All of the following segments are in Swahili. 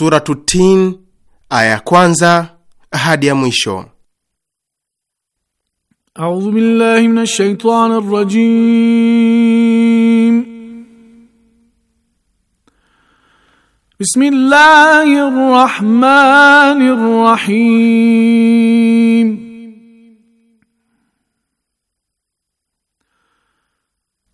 Suratu Tin aya kwanza hadi ya mwisho. A'udhu billahi minash shaitani rajim. Bismillahir rahmanir rahim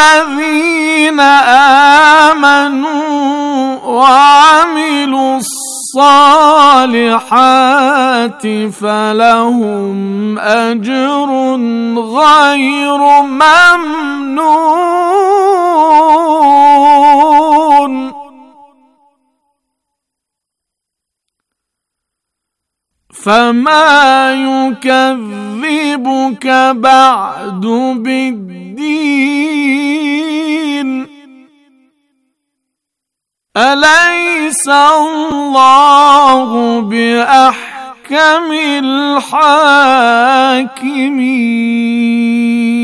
الذين امنوا وعملوا الصالحات فلهم اجر غير ممنون فما يكذبك بعد بالدين اليس الله باحكم الحاكمين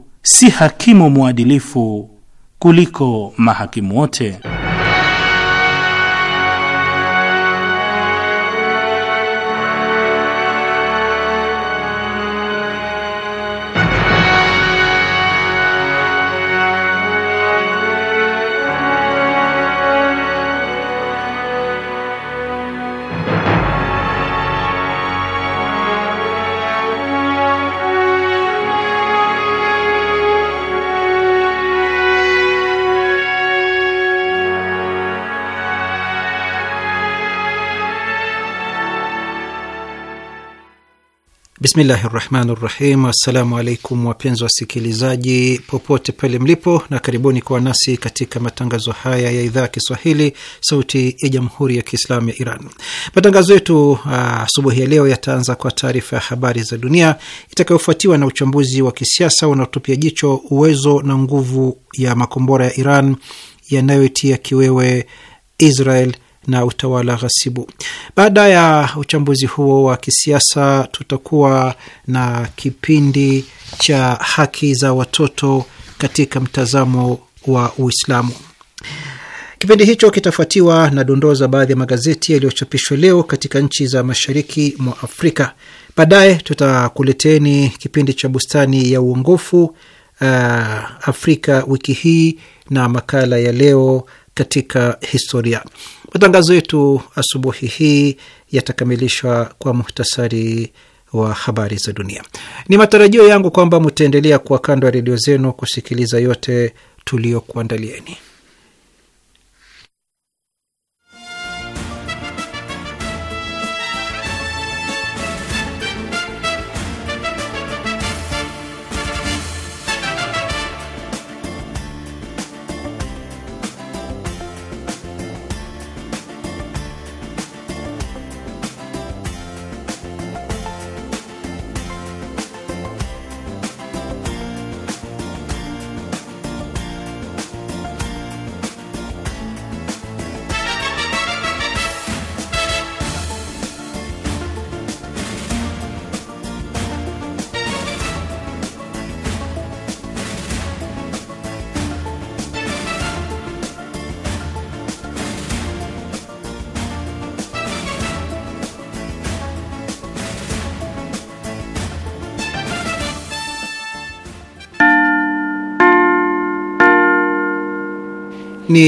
si hakimu mwadilifu kuliko mahakimu wote. Bismillahi rahmani rahim. Assalamu alaikum wapenzi wasikilizaji popote pale mlipo, na karibuni kwa nasi katika matangazo haya ya idhaa ya Kiswahili sauti ya jamhuri ya Kiislamu ya Iran. Matangazo yetu ah, asubuhi ya leo yataanza kwa taarifa ya habari za dunia itakayofuatiwa na uchambuzi wa kisiasa unaotupia jicho uwezo na nguvu ya makombora ya Iran yanayoitia kiwewe Israel na utawala ghasibu. Baada ya uchambuzi huo wa kisiasa, tutakuwa na kipindi cha haki za watoto katika mtazamo wa Uislamu. Kipindi hicho kitafuatiwa na dondoo za baadhi ya magazeti yaliyochapishwa leo katika nchi za mashariki mwa Afrika. Baadaye tutakuleteni kipindi cha bustani ya uongofu, uh, Afrika wiki hii na makala ya leo katika historia. Matangazo yetu asubuhi hii yatakamilishwa kwa muhtasari wa habari za dunia. Ni matarajio yangu kwamba mtaendelea kuwa kando ya redio zenu kusikiliza yote tuliyokuandalieni.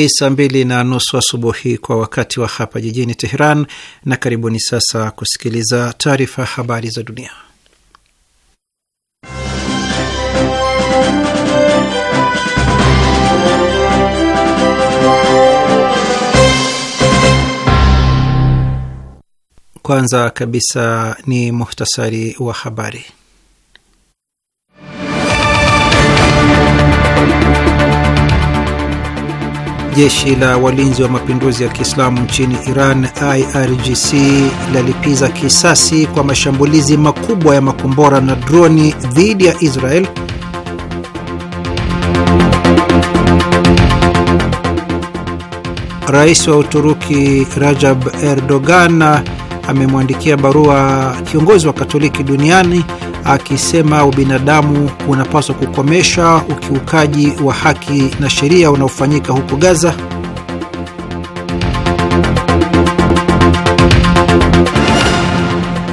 ni saa mbili na nusu asubuhi kwa wakati wa hapa jijini Teheran, na karibuni sasa kusikiliza taarifa habari za dunia. Kwanza kabisa ni muhtasari wa habari. Jeshi la walinzi wa mapinduzi ya Kiislamu nchini Iran, IRGC, lalipiza kisasi kwa mashambulizi makubwa ya makombora na droni dhidi ya Israel. Rais wa Uturuki Rajab Erdogan amemwandikia barua kiongozi wa Katoliki duniani akisema ubinadamu unapaswa kukomesha ukiukaji wa haki na sheria unaofanyika huko Gaza.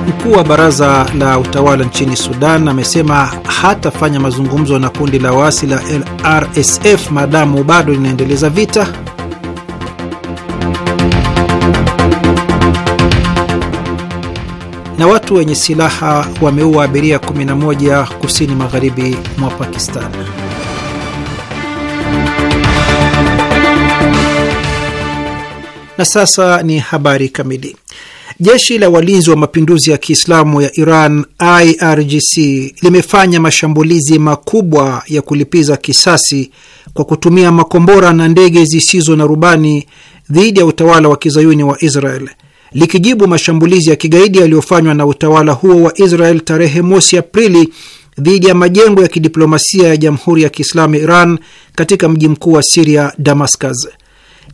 Mkuu wa baraza la utawala nchini Sudan amesema hatafanya mazungumzo na kundi la waasi la RSF maadamu bado linaendeleza vita. na watu wenye silaha wameua abiria 11 kusini magharibi mwa Pakistan. Na sasa ni habari kamili. Jeshi la walinzi wa mapinduzi ya Kiislamu ya Iran, IRGC, limefanya mashambulizi makubwa ya kulipiza kisasi kwa kutumia makombora na ndege zisizo na rubani dhidi ya utawala wa kizayuni wa Israel likijibu mashambulizi ya kigaidi yaliyofanywa na utawala huo wa Israel tarehe mosi Aprili dhidi ya majengo ya kidiplomasia ya Jamhuri ya Kiislamu Iran katika mji mkuu wa Siria, Damascus.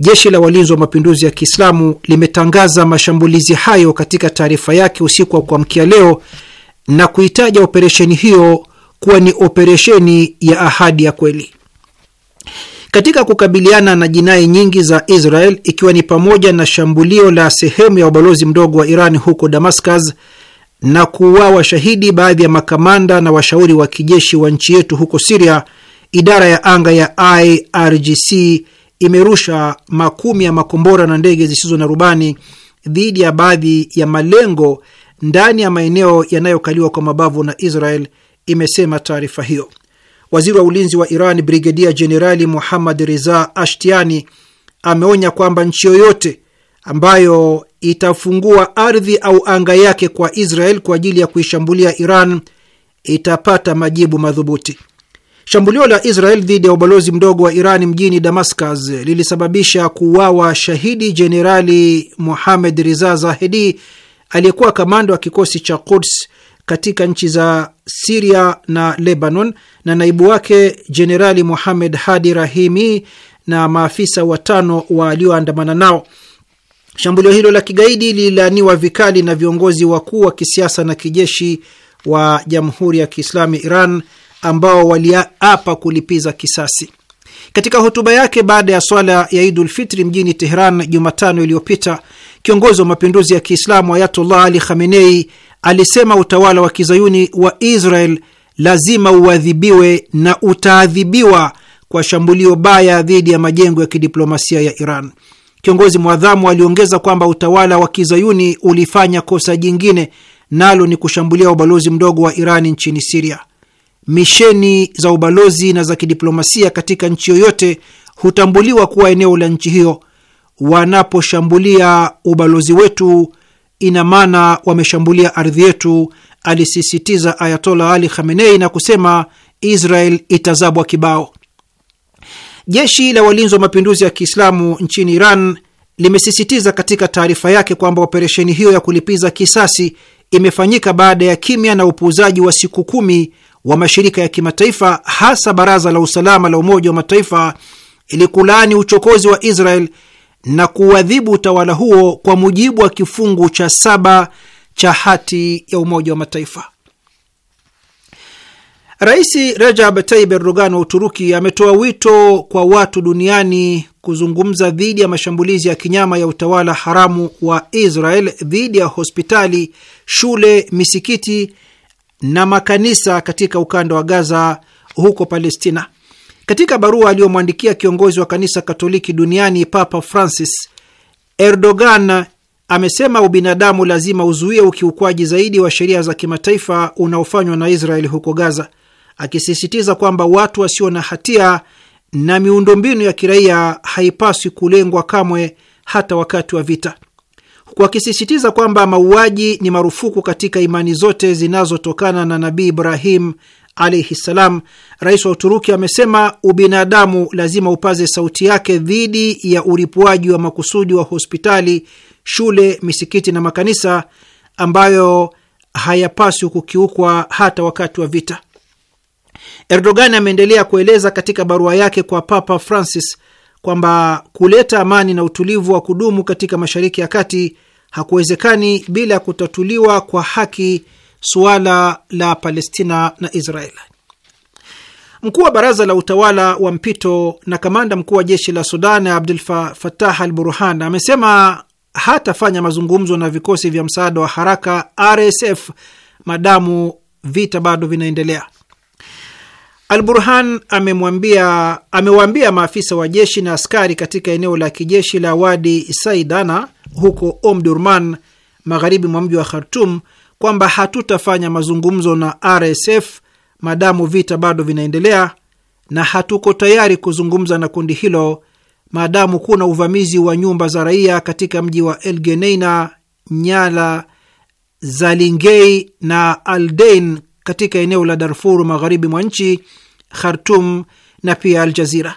Jeshi la walinzi wa mapinduzi ya Kiislamu limetangaza mashambulizi hayo katika taarifa yake usiku wa kuamkia leo na kuitaja operesheni hiyo kuwa ni operesheni ya ahadi ya kweli. Katika kukabiliana na jinai nyingi za Israel ikiwa ni pamoja na shambulio la sehemu ya ubalozi mdogo wa Iran huko Damascus na kuuawa shahidi baadhi ya makamanda na washauri wa kijeshi wa nchi yetu huko Siria, idara ya anga ya IRGC imerusha makumi ya makombora na ndege zisizo na rubani dhidi ya baadhi ya malengo ndani ya maeneo yanayokaliwa kwa mabavu na Israel, imesema taarifa hiyo. Waziri wa ulinzi wa Iran Brigedia Jenerali Muhammad Reza Ashtiani ameonya kwamba nchi yoyote ambayo itafungua ardhi au anga yake kwa Israel kwa ajili ya kuishambulia Iran itapata majibu madhubuti. Shambulio la Israel dhidi ya ubalozi mdogo wa Iran mjini Damascus lilisababisha kuuawa shahidi Jenerali muhamed Riza Zahedi aliyekuwa kamanda wa kikosi cha Quds katika nchi za Siria na Lebanon, na naibu wake Jenerali muhamed Hadi Rahimi na maafisa watano walioandamana nao. Shambulio hilo la kigaidi lililaaniwa vikali na viongozi wakuu wa kisiasa na kijeshi wa Jamhuri ya Kiislami Iran ambao waliapa kulipiza kisasi. Katika hotuba yake baada ya swala ya Idul Fitri mjini Teheran Jumatano iliyopita, kiongozi wa mapinduzi ya Kiislamu Ayatullah Ali Khamenei alisema utawala wa kizayuni wa Israel lazima uadhibiwe na utaadhibiwa kwa shambulio baya dhidi ya majengo ya kidiplomasia ya Iran. Kiongozi mwadhamu aliongeza kwamba utawala wa kizayuni ulifanya kosa jingine, nalo ni kushambulia ubalozi mdogo wa Iran nchini Siria. Misheni za ubalozi na za kidiplomasia katika nchi yoyote hutambuliwa kuwa eneo la nchi hiyo. Wanaposhambulia ubalozi wetu ina maana wameshambulia ardhi yetu, alisisitiza Ayatola Ali Khamenei na kusema Israel itazabwa kibao. Jeshi la walinzi wa mapinduzi ya Kiislamu nchini Iran limesisitiza katika taarifa yake kwamba operesheni hiyo ya kulipiza kisasi imefanyika baada ya kimya na upuuzaji wa siku kumi wa mashirika ya kimataifa hasa Baraza la Usalama la Umoja wa Mataifa ili kulaani uchokozi wa Israel na kuuadhibu utawala huo kwa mujibu wa kifungu cha saba cha hati ya Umoja wa Mataifa. Rais Recep Tayyip Erdogan wa Uturuki ametoa wito kwa watu duniani kuzungumza dhidi ya mashambulizi ya kinyama ya utawala haramu wa Israel dhidi ya hospitali, shule, misikiti na makanisa katika ukanda wa Gaza huko Palestina. Katika barua aliyomwandikia kiongozi wa kanisa Katoliki duniani Papa Francis, Erdogan amesema ubinadamu lazima uzuie ukiukwaji zaidi wa sheria za kimataifa unaofanywa na Israeli huko Gaza, akisisitiza kwamba watu wasio na hatia na miundombinu ya kiraia haipaswi kulengwa kamwe, hata wakati wa vita, huku akisisitiza kwamba mauaji ni marufuku katika imani zote zinazotokana na Nabii Ibrahim alaihi ssalam, rais wa Uturuki amesema ubinadamu lazima upaze sauti yake dhidi ya ulipuaji wa makusudi wa hospitali, shule, misikiti na makanisa ambayo hayapaswi kukiukwa hata wakati wa vita. Erdogan ameendelea kueleza katika barua yake kwa Papa Francis kwamba kuleta amani na utulivu wa kudumu katika Mashariki ya Kati hakuwezekani bila kutatuliwa kwa haki suala la Palestina na Israel. Mkuu wa baraza la utawala wa mpito na kamanda mkuu wa jeshi la Sudan Abdul Fatah Al Burhan amesema hatafanya mazungumzo na vikosi vya msaada wa haraka RSF madamu vita bado vinaendelea. Al Burhan amemwambia amewaambia maafisa wa jeshi na askari katika eneo la kijeshi la Wadi Saidana huko Omdurman magharibi mwa mji wa Khartum kwamba hatutafanya mazungumzo na RSF maadamu vita bado vinaendelea na hatuko tayari kuzungumza na kundi hilo maadamu kuna uvamizi wa nyumba za raia katika mji wa Elgeneina, Nyala, Zalingei na Aldein katika eneo la Darfur magharibi mwa nchi, Khartum na pia Aljazira.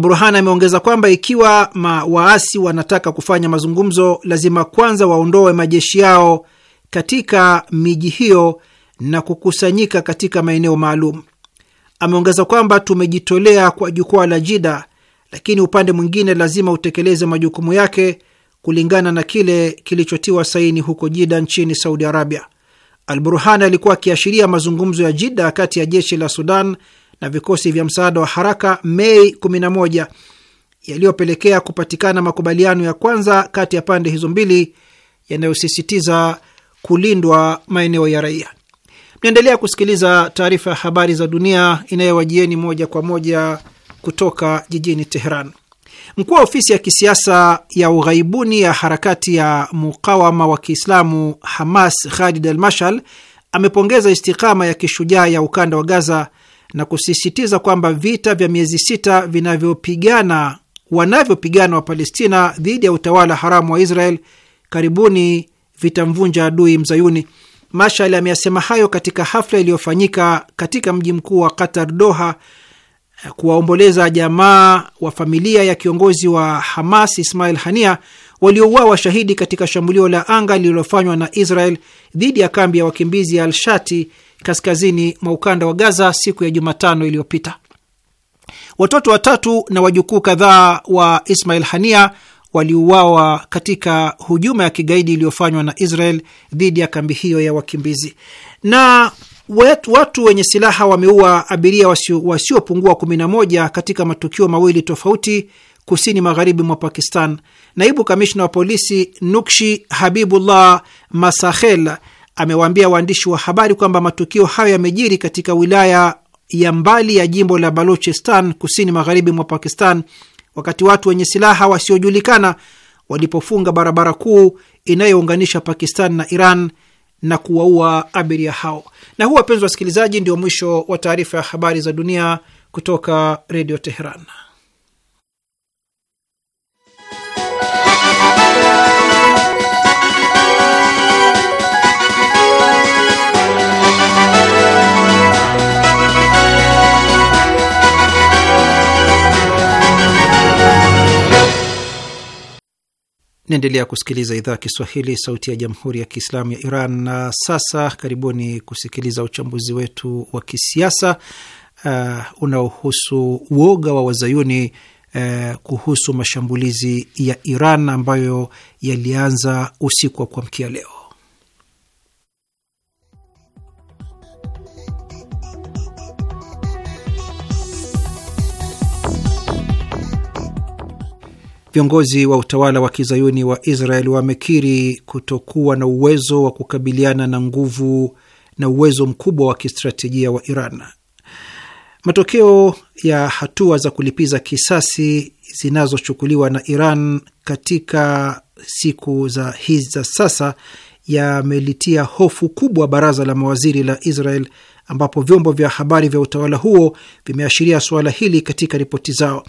burhan ameongeza kwamba ikiwa waasi wanataka kufanya mazungumzo, lazima kwanza waondoe majeshi yao katika miji hiyo na kukusanyika katika maeneo maalum. Ameongeza kwamba tumejitolea kwa jukwaa la Jida, lakini upande mwingine lazima utekeleze majukumu yake kulingana na kile kilichotiwa saini huko Jida nchini Saudi Arabia. Al Burhan alikuwa akiashiria mazungumzo ya Jida kati ya jeshi la Sudan na vikosi vya msaada wa haraka Mei 11 yaliyopelekea kupatikana makubaliano ya kwanza kati ya pande hizo mbili yanayosisitiza kulindwa maeneo ya raia. Mnaendelea kusikiliza taarifa ya habari za dunia inayowajieni moja kwa moja kutoka jijini Teheran. Mkuu wa ofisi ya kisiasa ya ughaibuni ya harakati ya mukawama wa Kiislamu Hamas Khalid al-Mashal amepongeza istikama ya kishujaa ya ukanda wa Gaza na kusisitiza kwamba vita vya miezi sita vinavyopigana wanavyopigana wa Palestina dhidi ya utawala haramu wa Israel karibuni vitamvunja adui mzayuni. Mashal ameyasema hayo katika hafla iliyofanyika katika mji mkuu wa Qatar, Doha, eh, kuwaomboleza jamaa wa familia ya kiongozi wa Hamas Ismail Hania waliouawa washahidi katika shambulio la anga lililofanywa na Israel dhidi ya kambi ya wakimbizi ya Alshati kaskazini mwa ukanda wa Gaza siku ya Jumatano iliyopita. Watoto watatu na wajukuu kadhaa wa Ismail Hania waliuawa katika hujuma ya kigaidi iliyofanywa na Israel dhidi ya kambi hiyo ya wakimbizi. Na watu, watu wenye silaha wameua abiria wasiopungua moja katika matukio mawili tofauti kusini magharibi mwa Pakistan. Naibu kamishna wa polisi Nukshi Habibullah Masahel amewaambia waandishi wa habari kwamba matukio hayo yamejiri katika wilaya ya mbali ya jimbo la Baluchistan kusini magharibi mwa Pakistan wakati watu wenye silaha wasiojulikana walipofunga barabara kuu inayounganisha Pakistan na Iran na kuwaua abiria hao. Na huu, wapenzi wasikilizaji, ndio mwisho wa taarifa ya habari za dunia kutoka Redio Teheran. Naendelea kusikiliza idhaa ya Kiswahili, sauti ya jamhuri ya kiislamu ya Iran. Na sasa karibuni kusikiliza uchambuzi wetu wa kisiasa uh, unaohusu uoga wa wazayuni uh, kuhusu mashambulizi ya Iran ambayo yalianza usiku wa kuamkia leo. Viongozi wa utawala wa kizayuni wa israel wamekiri kutokuwa na uwezo wa kukabiliana na nguvu na uwezo mkubwa wa kistratejia wa Iran. Matokeo ya hatua za kulipiza kisasi zinazochukuliwa na Iran katika siku za hizi za sasa yamelitia hofu kubwa baraza la mawaziri la Israel, ambapo vyombo vya habari vya utawala huo vimeashiria suala hili katika ripoti zao.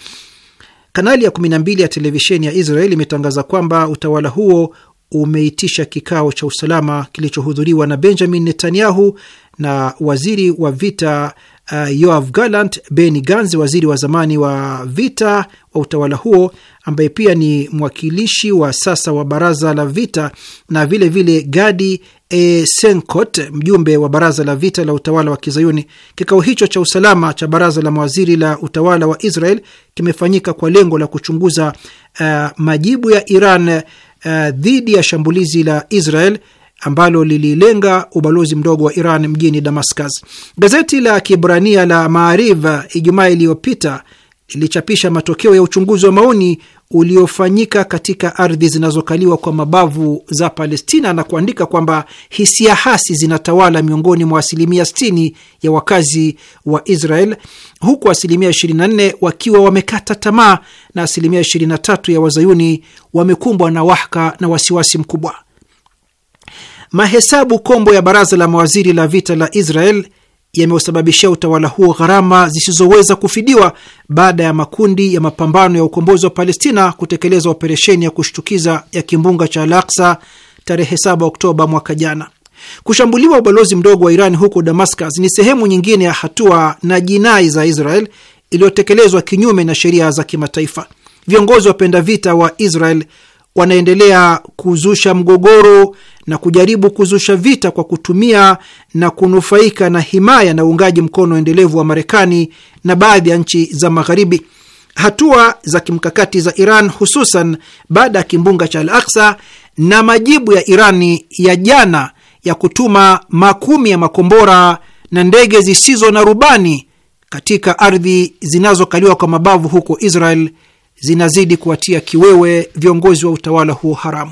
Kanali ya 12 ya televisheni ya Israel imetangaza kwamba utawala huo umeitisha kikao cha usalama kilichohudhuriwa na Benjamin Netanyahu na waziri wa vita uh, Yoav Gallant, Benny Gantz, waziri wa zamani wa vita wa utawala huo ambaye pia ni mwakilishi wa sasa wa baraza la vita, na vilevile vile Gadi e, Senkot, mjumbe wa baraza la vita la utawala wa Kizayuni. Kikao hicho cha usalama cha baraza la mawaziri la utawala wa Israel kimefanyika kwa lengo la kuchunguza uh, majibu ya Iran uh, dhidi ya shambulizi la Israel ambalo lililenga ubalozi mdogo wa Iran mjini Damascus. Gazeti la Kibrania la Maariv Ijumaa iliyopita lilichapisha matokeo ya uchunguzi wa maoni uliofanyika katika ardhi zinazokaliwa kwa mabavu za Palestina na kuandika kwamba hisia hasi zinatawala miongoni mwa asilimia 60 ya wakazi wa Israel, huku asilimia 24 wakiwa wamekata tamaa na asilimia 23 ya wazayuni wamekumbwa na wahaka na wasiwasi mkubwa. Mahesabu kombo ya baraza la mawaziri la vita la Israel yameusababishia utawala huo gharama zisizoweza kufidiwa baada ya makundi ya mapambano ya ukombozi wa Palestina kutekeleza operesheni ya kushtukiza ya kimbunga cha Al-Aqsa tarehe 7 Oktoba mwaka jana. Kushambuliwa ubalozi mdogo wa Iran huko Damascus ni sehemu nyingine ya hatua na jinai za Israel iliyotekelezwa kinyume na sheria za kimataifa. Viongozi wapenda vita wa Israel wanaendelea kuzusha mgogoro na kujaribu kuzusha vita kwa kutumia na kunufaika na himaya na uungaji mkono endelevu wa Marekani na baadhi ya nchi za Magharibi. Hatua za kimkakati za Iran hususan baada ya kimbunga cha Al-Aqsa na majibu ya Irani ya jana ya kutuma makumi ya makombora na ndege zisizo na rubani katika ardhi zinazokaliwa kwa mabavu huko Israel zinazidi kuwatia kiwewe viongozi wa utawala huo haramu.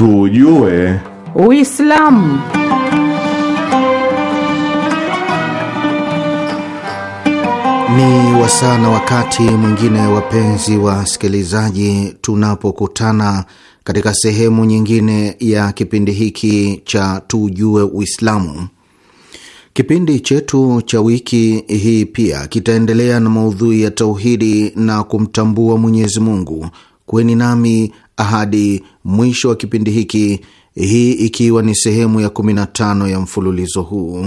tujue Uislamu. Ni wasaa na wakati mwingine, wapenzi wa sikilizaji, tunapokutana katika sehemu nyingine ya kipindi hiki cha tujue Uislamu. Kipindi chetu cha wiki hii pia kitaendelea na maudhui ya tauhidi na kumtambua Mwenyezi Mungu kuweni nami hadi mwisho wa kipindi hiki, hii ikiwa ni sehemu ya 15 ya mfululizo huu.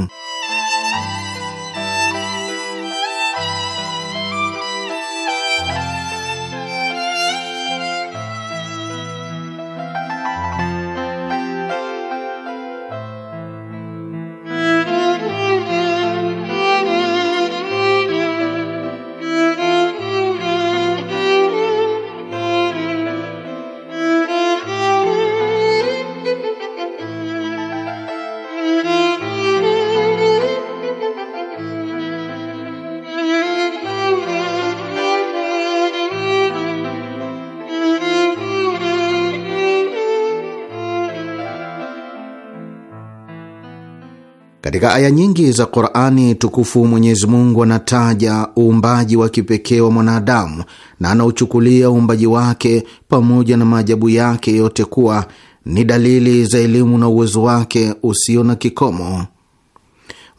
Katika aya nyingi za Qurani tukufu Mwenyezi Mungu anataja uumbaji wa kipekee wa mwanadamu na anauchukulia uumbaji wake pamoja na maajabu yake yote kuwa ni dalili za elimu na uwezo wake usio na kikomo.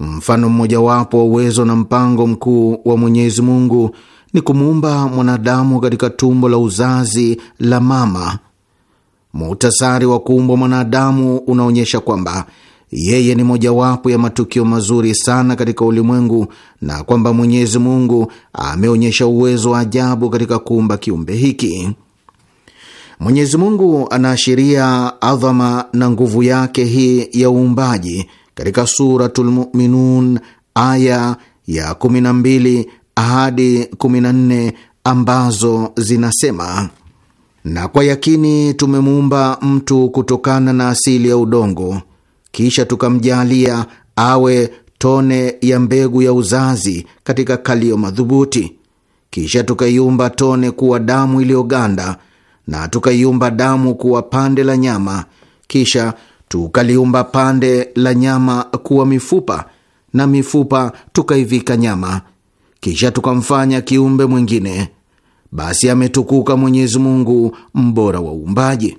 Mfano mmojawapo wa uwezo na mpango mkuu wa Mwenyezi Mungu ni kumuumba mwanadamu katika tumbo la uzazi la mama. Muhtasari wa kuumbwa mwanadamu unaonyesha kwamba yeye ni mojawapo ya matukio mazuri sana katika ulimwengu na kwamba Mwenyezi Mungu ameonyesha uwezo wa ajabu katika kuumba kiumbe hiki. Mwenyezi Mungu anaashiria adhama na nguvu yake hii ya uumbaji katika Suratul Muminun aya ya 12 hadi 14 ambazo zinasema: na kwa yakini tumemuumba mtu kutokana na asili ya udongo kisha tukamjalia awe tone ya mbegu ya uzazi katika kalio madhubuti, kisha tukaiumba tone kuwa damu iliyoganda na tukaiumba damu kuwa pande la nyama, kisha tukaliumba pande la nyama kuwa mifupa na mifupa tukaivika nyama, kisha tukamfanya kiumbe mwingine. Basi ametukuka Mwenyezi Mungu, mbora wa uumbaji.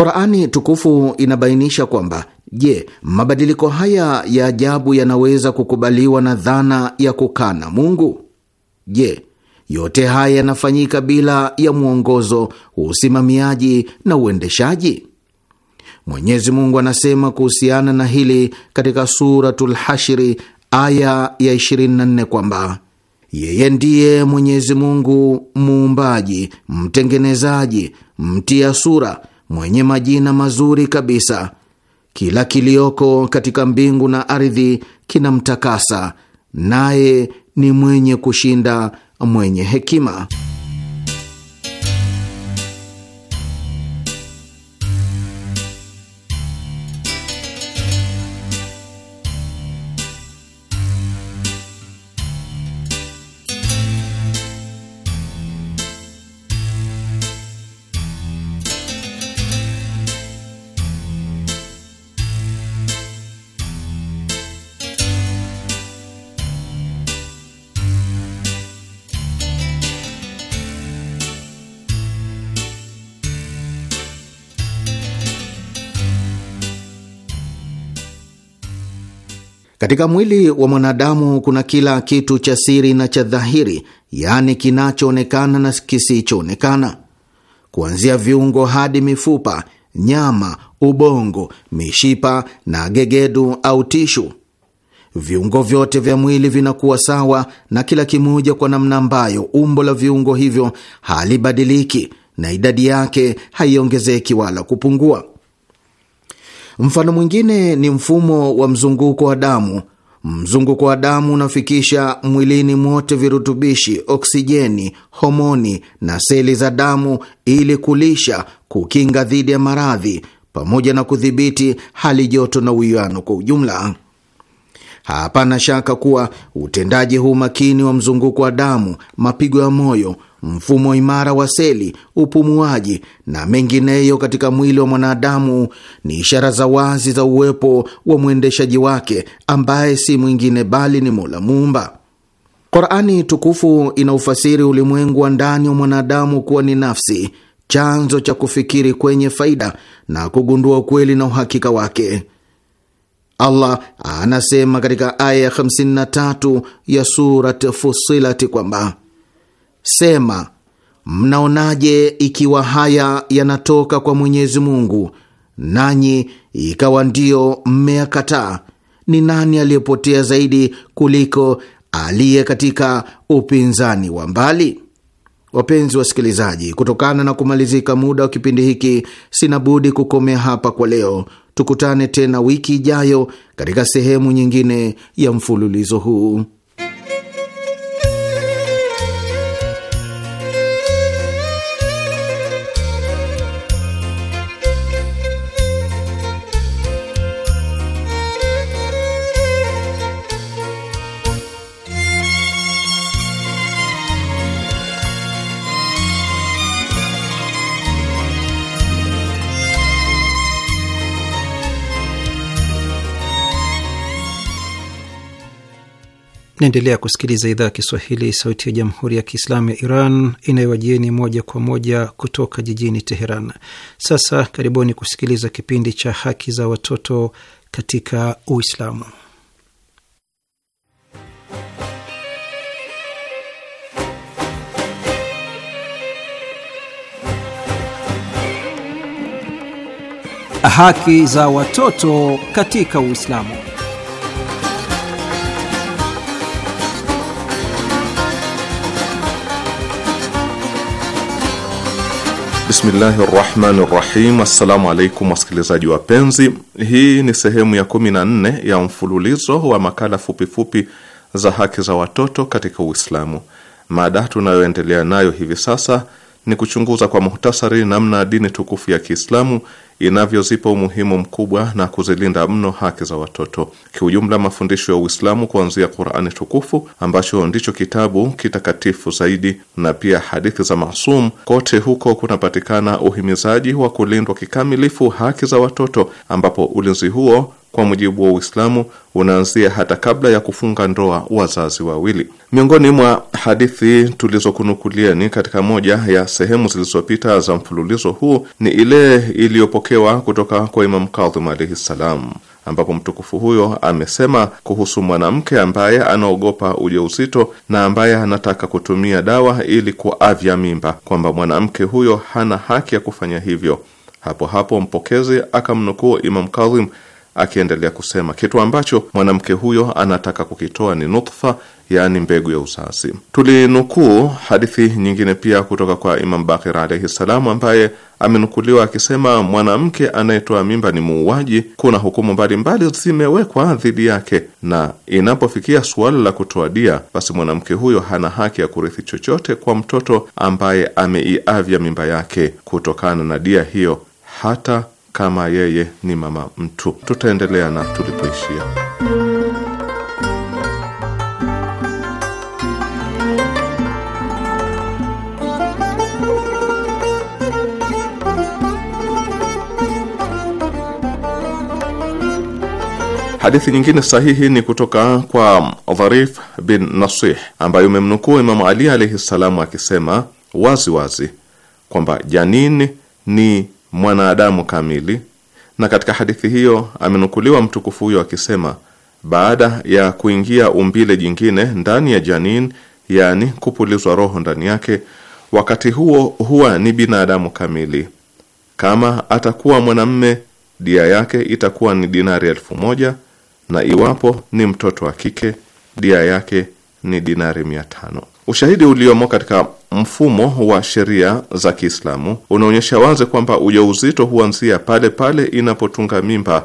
Qurani tukufu inabainisha kwamba je, mabadiliko haya ya ajabu yanaweza kukubaliwa na dhana ya kukana Mungu? Je, yote haya yanafanyika bila ya mwongozo, usimamiaji na uendeshaji? Mwenyezi Mungu anasema kuhusiana na hili katika Suratul Hashri aya ya 24 kwamba yeye ndiye Mwenyezi Mungu muumbaji, mtengenezaji, mtia sura mwenye majina mazuri kabisa. Kila kilioko katika mbingu na ardhi kinamtakasa, naye ni mwenye kushinda, mwenye hekima. Katika mwili wa mwanadamu kuna kila kitu cha siri na cha dhahiri, yaani kinachoonekana na kisichoonekana, kuanzia viungo hadi mifupa, nyama, ubongo, mishipa na gegedu au tishu. Viungo vyote vya mwili vinakuwa sawa na kila kimoja kwa namna ambayo umbo la viungo hivyo halibadiliki na idadi yake haiongezeki wala kupungua. Mfano mwingine ni mfumo wa mzunguko wa damu. Mzunguko wa damu unafikisha mwilini mwote virutubishi, oksijeni, homoni na seli za damu ili kulisha, kukinga dhidi ya maradhi pamoja na kudhibiti hali joto na uwiano kwa ujumla. Hapana shaka kuwa utendaji huu makini wa mzunguko wa damu, mapigo ya moyo mfumo imara wa seli, upumuaji na mengineyo katika mwili wa mwanadamu ni ishara za wazi za uwepo wa mwendeshaji wake ambaye si mwingine bali ni Mola Muumba. Qurani tukufu inaufasiri ulimwengu wa ndani wa mwanadamu kuwa ni nafsi, chanzo cha kufikiri kwenye faida na kugundua ukweli na uhakika wake. Allah anasema katika aya ya 53 ya Surat Fusilati kwamba Sema, mnaonaje ikiwa haya yanatoka kwa Mwenyezi Mungu nanyi ikawa ndiyo mmeyakataa? Ni nani aliyepotea zaidi kuliko aliye katika upinzani wa mbali? Wapenzi wasikilizaji, kutokana na kumalizika muda wa kipindi hiki, sina budi kukomea hapa kwa leo. Tukutane tena wiki ijayo katika sehemu nyingine ya mfululizo huu. Naendelea kusikiliza idhaa ya Kiswahili, sauti ya jamhuri ya kiislamu ya Iran inayowajieni moja kwa moja kutoka jijini Teheran. Sasa karibuni kusikiliza kipindi cha haki za watoto katika Uislamu. Haki za watoto katika Uislamu. Bismillahi rahmani rahim. Assalamu alaikum wasikilizaji wapenzi, hii ni sehemu ya 14 ya mfululizo wa makala fupifupi za haki za watoto katika Uislamu. Mada tunayoendelea nayo hivi sasa ni kuchunguza kwa muhtasari namna dini tukufu ya Kiislamu inavyozipa umuhimu mkubwa na kuzilinda mno haki za watoto. Kiujumla, mafundisho ya Uislamu kuanzia Qurani tukufu ambacho ndicho kitabu kitakatifu zaidi na pia hadithi za Masum, kote huko kunapatikana uhimizaji wa kulindwa kikamilifu haki za watoto, ambapo ulinzi huo kwa mujibu wa Uislamu unaanzia hata kabla ya kufunga ndoa wazazi wawili. Miongoni mwa hadithi tulizokunukulieni katika moja ya sehemu zilizopita za mfululizo huu ni ile iliyopokewa kutoka kwa Imamu Kadhim alaihi ssalam, ambapo mtukufu huyo amesema kuhusu mwanamke ambaye anaogopa ujauzito na ambaye anataka kutumia dawa ili kuavya mimba kwamba mwanamke huyo hana haki ya kufanya hivyo. Hapo hapo mpokezi akamnukuu Imam Kadhim Akiendelea kusema kitu ambacho mwanamke huyo anataka kukitoa ni nutfa, yaani mbegu ya uzazi. Tulinukuu hadithi nyingine pia kutoka kwa Imam Bakir alaihi salam, ambaye amenukuliwa akisema, mwanamke anayetoa mimba ni muuaji. Kuna hukumu mbalimbali zimewekwa dhidi yake, na inapofikia suala la kutoa dia, basi mwanamke huyo hana haki ya kurithi chochote kwa mtoto ambaye ameiavya mimba yake kutokana na dia hiyo hata kama yeye ni mama mtu. Tutaendelea na tulipoishia. Hadithi nyingine sahihi ni kutoka kwa Dharif bin Nasih ambayo imemnukuu Imamu Ali alaihi ssalamu akisema wazi wazi kwamba janin ni mwanadamu kamili, na katika hadithi hiyo amenukuliwa mtukufu huyo akisema, baada ya kuingia umbile jingine ndani ya janin, yaani kupulizwa roho ndani yake, wakati huo huwa ni binadamu kamili. Kama atakuwa mwanamme, dia yake itakuwa ni dinari elfu moja na iwapo ni mtoto wa kike, dia yake ni dinari mia tano. Ushahidi uliomo katika mfumo wa sheria za Kiislamu unaonyesha wazi kwamba ujauzito huanzia pale pale inapotunga mimba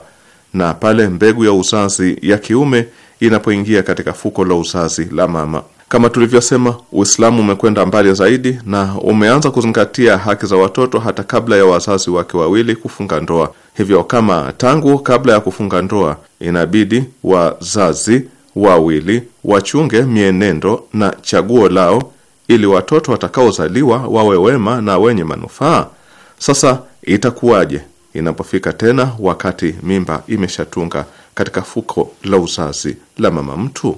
na pale mbegu ya uzazi ya kiume inapoingia katika fuko la uzazi la mama. Kama tulivyosema, Uislamu umekwenda mbali zaidi na umeanza kuzingatia haki za watoto hata kabla ya wazazi wake wawili kufunga ndoa. Hivyo, kama tangu kabla ya kufunga ndoa inabidi wazazi wawili wachunge mienendo na chaguo lao ili watoto watakaozaliwa wawe wema na wenye manufaa. Sasa itakuwaje inapofika tena wakati mimba imeshatunga katika fuko la uzazi la mama mtu?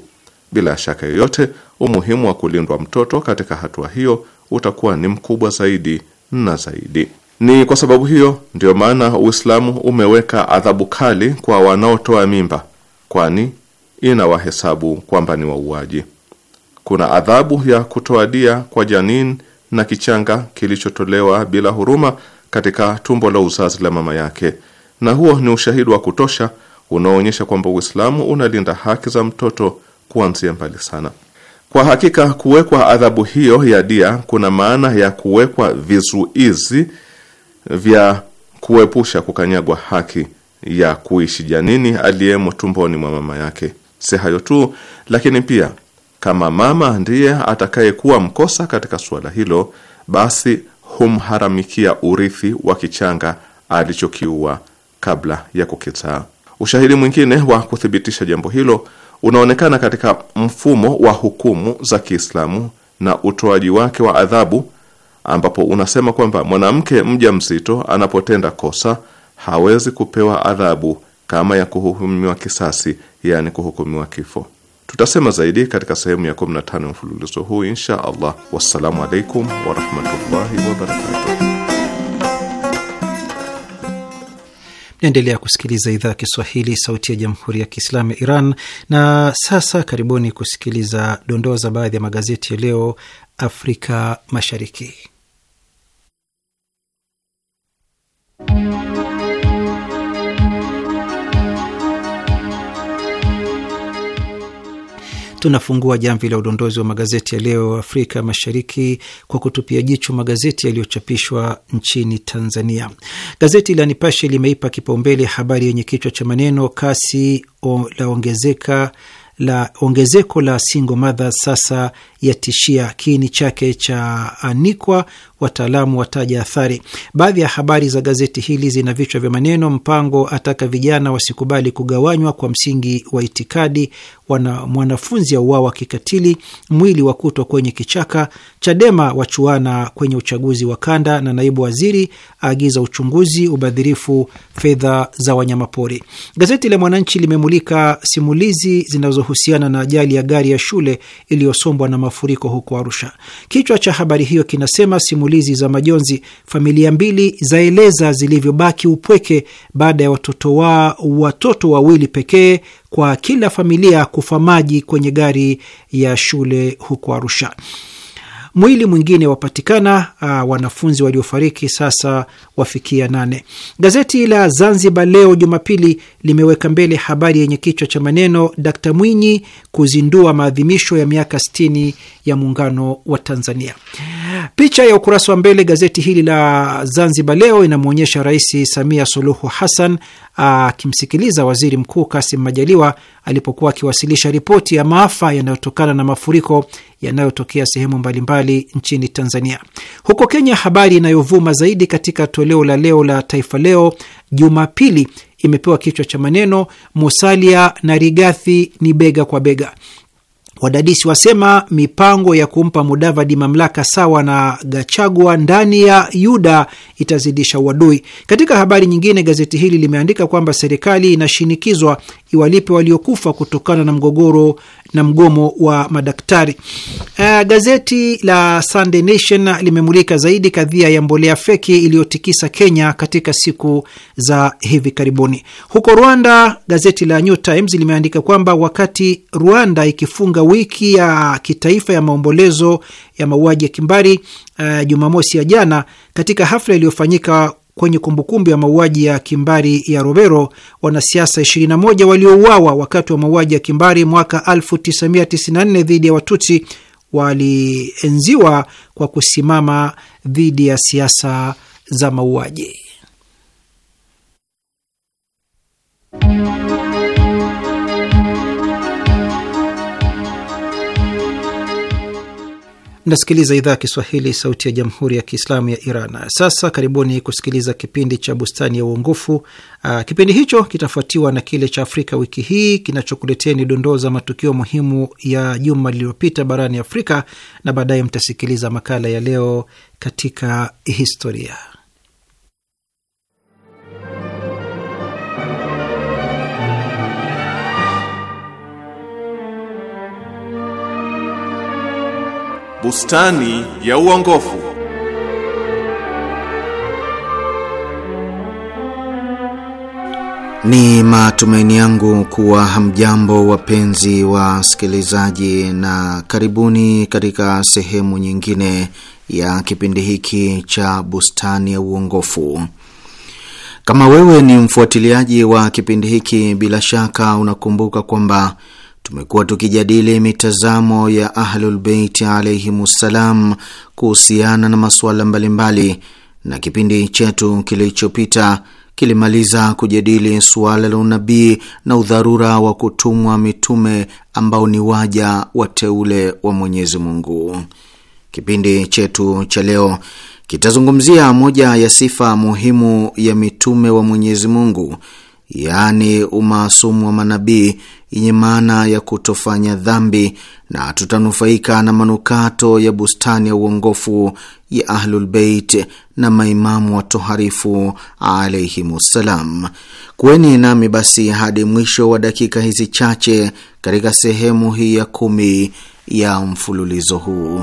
Bila shaka yoyote, umuhimu wa kulindwa mtoto katika hatua hiyo utakuwa ni mkubwa zaidi na zaidi. Ni kwa sababu hiyo ndiyo maana Uislamu umeweka adhabu kali kwa wanaotoa mimba, kwani inawahesabu kwamba ni wauaji. Kuna adhabu ya kutoadia kwa janin na kichanga kilichotolewa bila huruma katika tumbo la uzazi la mama yake, na huo ni ushahidi wa kutosha unaoonyesha kwamba Uislamu unalinda haki za mtoto kuanzia mbali sana. Kwa hakika kuwekwa adhabu hiyo ya dia kuna maana ya kuwekwa vizuizi vya kuepusha kukanyagwa haki ya kuishi janini aliyemo tumboni mwa mama yake. Si hayo tu, lakini pia kama mama ndiye atakayekuwa mkosa katika suala hilo, basi humharamikia urithi wa kichanga alichokiua kabla ya kukitaa Ushahidi mwingine wa kuthibitisha jambo hilo unaonekana katika mfumo wa hukumu za Kiislamu na utoaji wake wa adhabu, ambapo unasema kwamba mwanamke mja mzito anapotenda kosa hawezi kupewa adhabu kama ya kuhukumiwa kisasi, yaani kuhukumiwa kifo. Tutasema zaidi katika sehemu ya 15 ya mfululizo huu insha Allah. Wassalamu alaikum warahmatullahi wabarakatuh. Naendelea kusikiliza idhaa ya Kiswahili, sauti ya jamhuri ya kiislamu ya Iran. Na sasa karibuni kusikiliza dondoo za baadhi ya magazeti ya leo Afrika Mashariki. Tunafungua jamvi la udondozi wa magazeti ya leo Afrika Mashariki kwa kutupia jicho magazeti yaliyochapishwa nchini Tanzania. Gazeti la Nipashe limeipa kipaumbele habari yenye kichwa cha maneno kasi o, la ongezeka la ongezeko la single mother sasa yatishia. Kiini chake cha anikwa, wataalamu wataja athari. Baadhi ya habari za gazeti hili zina vichwa vya maneno: Mpango ataka vijana wasikubali kugawanywa kwa msingi wa itikadi, wana mwanafunzi auawa kikatili, mwili wa kutwa kwenye kichaka, Chadema wachuana kwenye uchaguzi wa kanda, na naibu waziri aagiza uchunguzi ubadhirifu fedha za wanyamapori. Gazeti la Mwananchi limemulika simulizi zinazohusiana na ajali ya gari ya shule iliyosombwa na mafuriko huko Arusha. Kichwa cha habari hiyo kinasema simulizi za majonzi, familia mbili zaeleza zilivyobaki upweke baada ya watoto wa watoto wawili pekee kwa kila familia kufa maji kwenye gari ya shule huko Arusha. Mwili mwingine wapatikana, uh, wanafunzi waliofariki sasa wafikia nane. Gazeti la Zanzibar Leo Jumapili limeweka mbele habari yenye kichwa cha maneno Dkt Mwinyi kuzindua maadhimisho ya miaka 60 ya muungano wa Tanzania. Picha ya ukurasa wa mbele gazeti hili la Zanzibar Leo inamwonyesha Rais Samia Suluhu Hassan ah, akimsikiliza Waziri Mkuu Kasim Majaliwa alipokuwa akiwasilisha ripoti ya maafa yanayotokana na mafuriko yanayotokea sehemu mbalimbali nchini Tanzania. Huko Kenya, habari inayovuma zaidi katika toleo la leo la Taifa Leo Jumapili imepewa kichwa cha maneno Musalia na Rigathi ni bega kwa bega. Wadadisi wasema mipango ya kumpa Mudavadi mamlaka sawa na Gachagua ndani ya yuda itazidisha uadui. Katika habari nyingine, gazeti hili limeandika kwamba serikali inashinikizwa iwalipe waliokufa kutokana na mgogoro na mgomo wa madaktari. Uh, gazeti la Sunday Nation limemulika zaidi kadhia ya mbolea feki iliyotikisa Kenya katika siku za hivi karibuni. Huko Rwanda, gazeti la New Times limeandika kwamba wakati Rwanda ikifunga wiki ya kitaifa ya maombolezo ya mauaji ya kimbari uh, Jumamosi ya jana katika hafla iliyofanyika kwenye kumbukumbu ya mauaji ya kimbari ya Robero wanasiasa 21 waliouawa wakati wa mauaji ya kimbari mwaka 1994 dhidi ya Watutsi walienziwa kwa kusimama dhidi ya siasa za mauaji. Mnasikiliza idhaa ya Kiswahili, sauti ya jamhuri ya kiislamu ya Iran. Sasa karibuni kusikiliza kipindi cha bustani ya uongofu. Ah, kipindi hicho kitafuatiwa na kile cha Afrika wiki hii kinachokuleteni dondoo za matukio muhimu ya juma lililopita barani Afrika, na baadaye mtasikiliza makala ya leo katika historia. Bustani ya uongofu. Ni matumaini yangu kuwa hamjambo wapenzi wa sikilizaji, na karibuni katika sehemu nyingine ya kipindi hiki cha Bustani ya Uongofu. Kama wewe ni mfuatiliaji wa kipindi hiki, bila shaka unakumbuka kwamba tumekuwa tukijadili mitazamo ya Ahlulbeiti ssalam kuhusiana na masuala mbalimbali, na kipindi chetu kilichopita kilimaliza kujadili suala la unabii na udharura wa kutumwa mitume ambao ni waja wateule wa Mwenyezi Mungu. Kipindi chetu cha leo kitazungumzia moja ya sifa muhimu ya mitume wa Mwenyezi Mungu, yaani umaasumu wa manabii yenye maana ya kutofanya dhambi na tutanufaika na manukato ya bustani ya uongofu ya Ahlulbeit na maimamu watoharifu alaihimussalam. Kuweni nami basi hadi mwisho wa dakika hizi chache katika sehemu hii ya kumi ya mfululizo huu.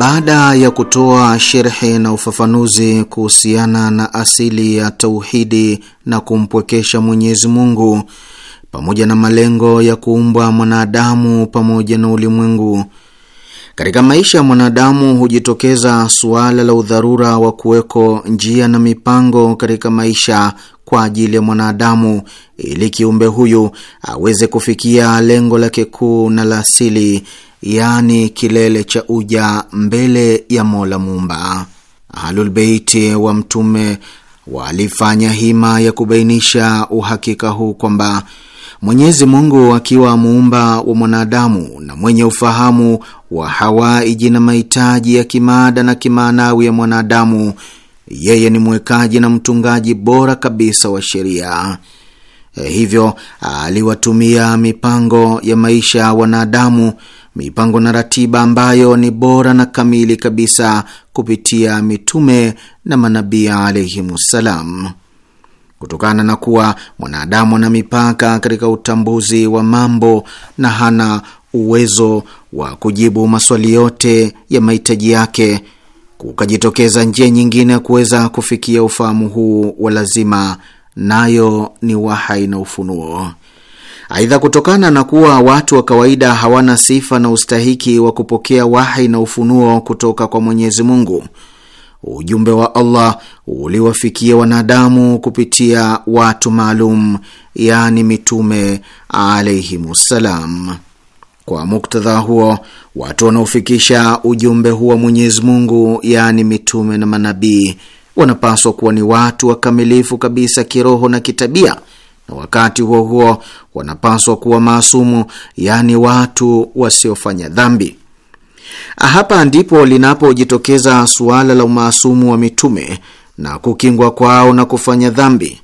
Baada ya kutoa sherhe na ufafanuzi kuhusiana na asili ya tauhidi na kumpwekesha Mwenyezi Mungu pamoja na malengo ya kuumbwa mwanadamu pamoja na ulimwengu, katika maisha ya mwanadamu hujitokeza suala la udharura wa kuweko njia na mipango katika maisha kwa ajili ya mwanadamu ili kiumbe huyu aweze kufikia lengo lake kuu na la asili yaani kilele cha uja mbele ya Mola Muumba. Ahlulbeiti wa Mtume walifanya hima ya kubainisha uhakika huu kwamba Mwenyezi Mungu akiwa muumba wa mwanadamu na mwenye ufahamu wa hawaiji na mahitaji ya kimaada na kimaanawi ya mwanadamu, yeye ni mwekaji na mtungaji bora kabisa wa sheria. Eh, hivyo aliwatumia mipango ya maisha ya wanadamu mipango na ratiba ambayo ni bora na kamili kabisa kupitia mitume na manabii alaihimussalam. Kutokana na kuwa mwanadamu ana mipaka katika utambuzi wa mambo na hana uwezo wa kujibu maswali yote ya mahitaji yake, kukajitokeza njia nyingine ya kuweza kufikia ufahamu huu wa lazima, nayo ni wahai na ufunuo. Aidha, kutokana na kuwa watu wa kawaida hawana sifa na ustahiki wa kupokea wahi na ufunuo kutoka kwa Mwenyezi Mungu, ujumbe wa Allah uliwafikia wanadamu kupitia watu maalum, yani mitume alaihimussalam. Kwa muktadha huo, watu wanaofikisha ujumbe huu wa Mwenyezi Mungu, yaani mitume na manabii, wanapaswa kuwa ni watu wakamilifu kabisa kiroho na kitabia na wakati huo huo wanapaswa kuwa maasumu, yaani watu wasiofanya dhambi. Hapa ndipo linapojitokeza suala la umaasumu wa mitume na kukingwa kwao na kufanya dhambi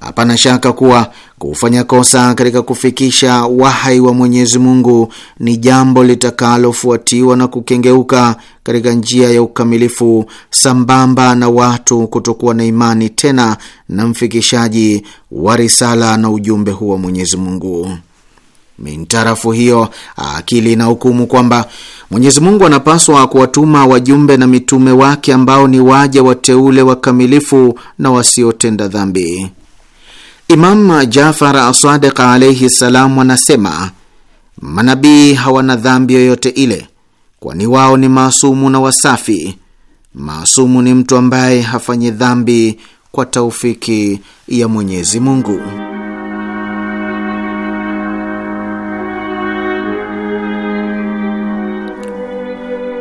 Hapana shaka kuwa kufanya kosa katika kufikisha wahai wa Mwenyezi Mungu ni jambo litakalofuatiwa na kukengeuka katika njia ya ukamilifu, sambamba na watu kutokuwa na imani tena na mfikishaji wa risala na ujumbe huu wa Mwenyezi Mungu. Mintarafu hiyo akili na hukumu kwamba Mwenyezi Mungu anapaswa kuwatuma wajumbe na mitume wake ambao ni waja wateule wakamilifu na wasiotenda dhambi. Imam Jafar Sadiq alaihi salam anasema manabii hawana dhambi yoyote ile, kwani wao ni maasumu na wasafi. Maasumu ni mtu ambaye hafanyi dhambi kwa taufiki ya Mwenyezi Mungu.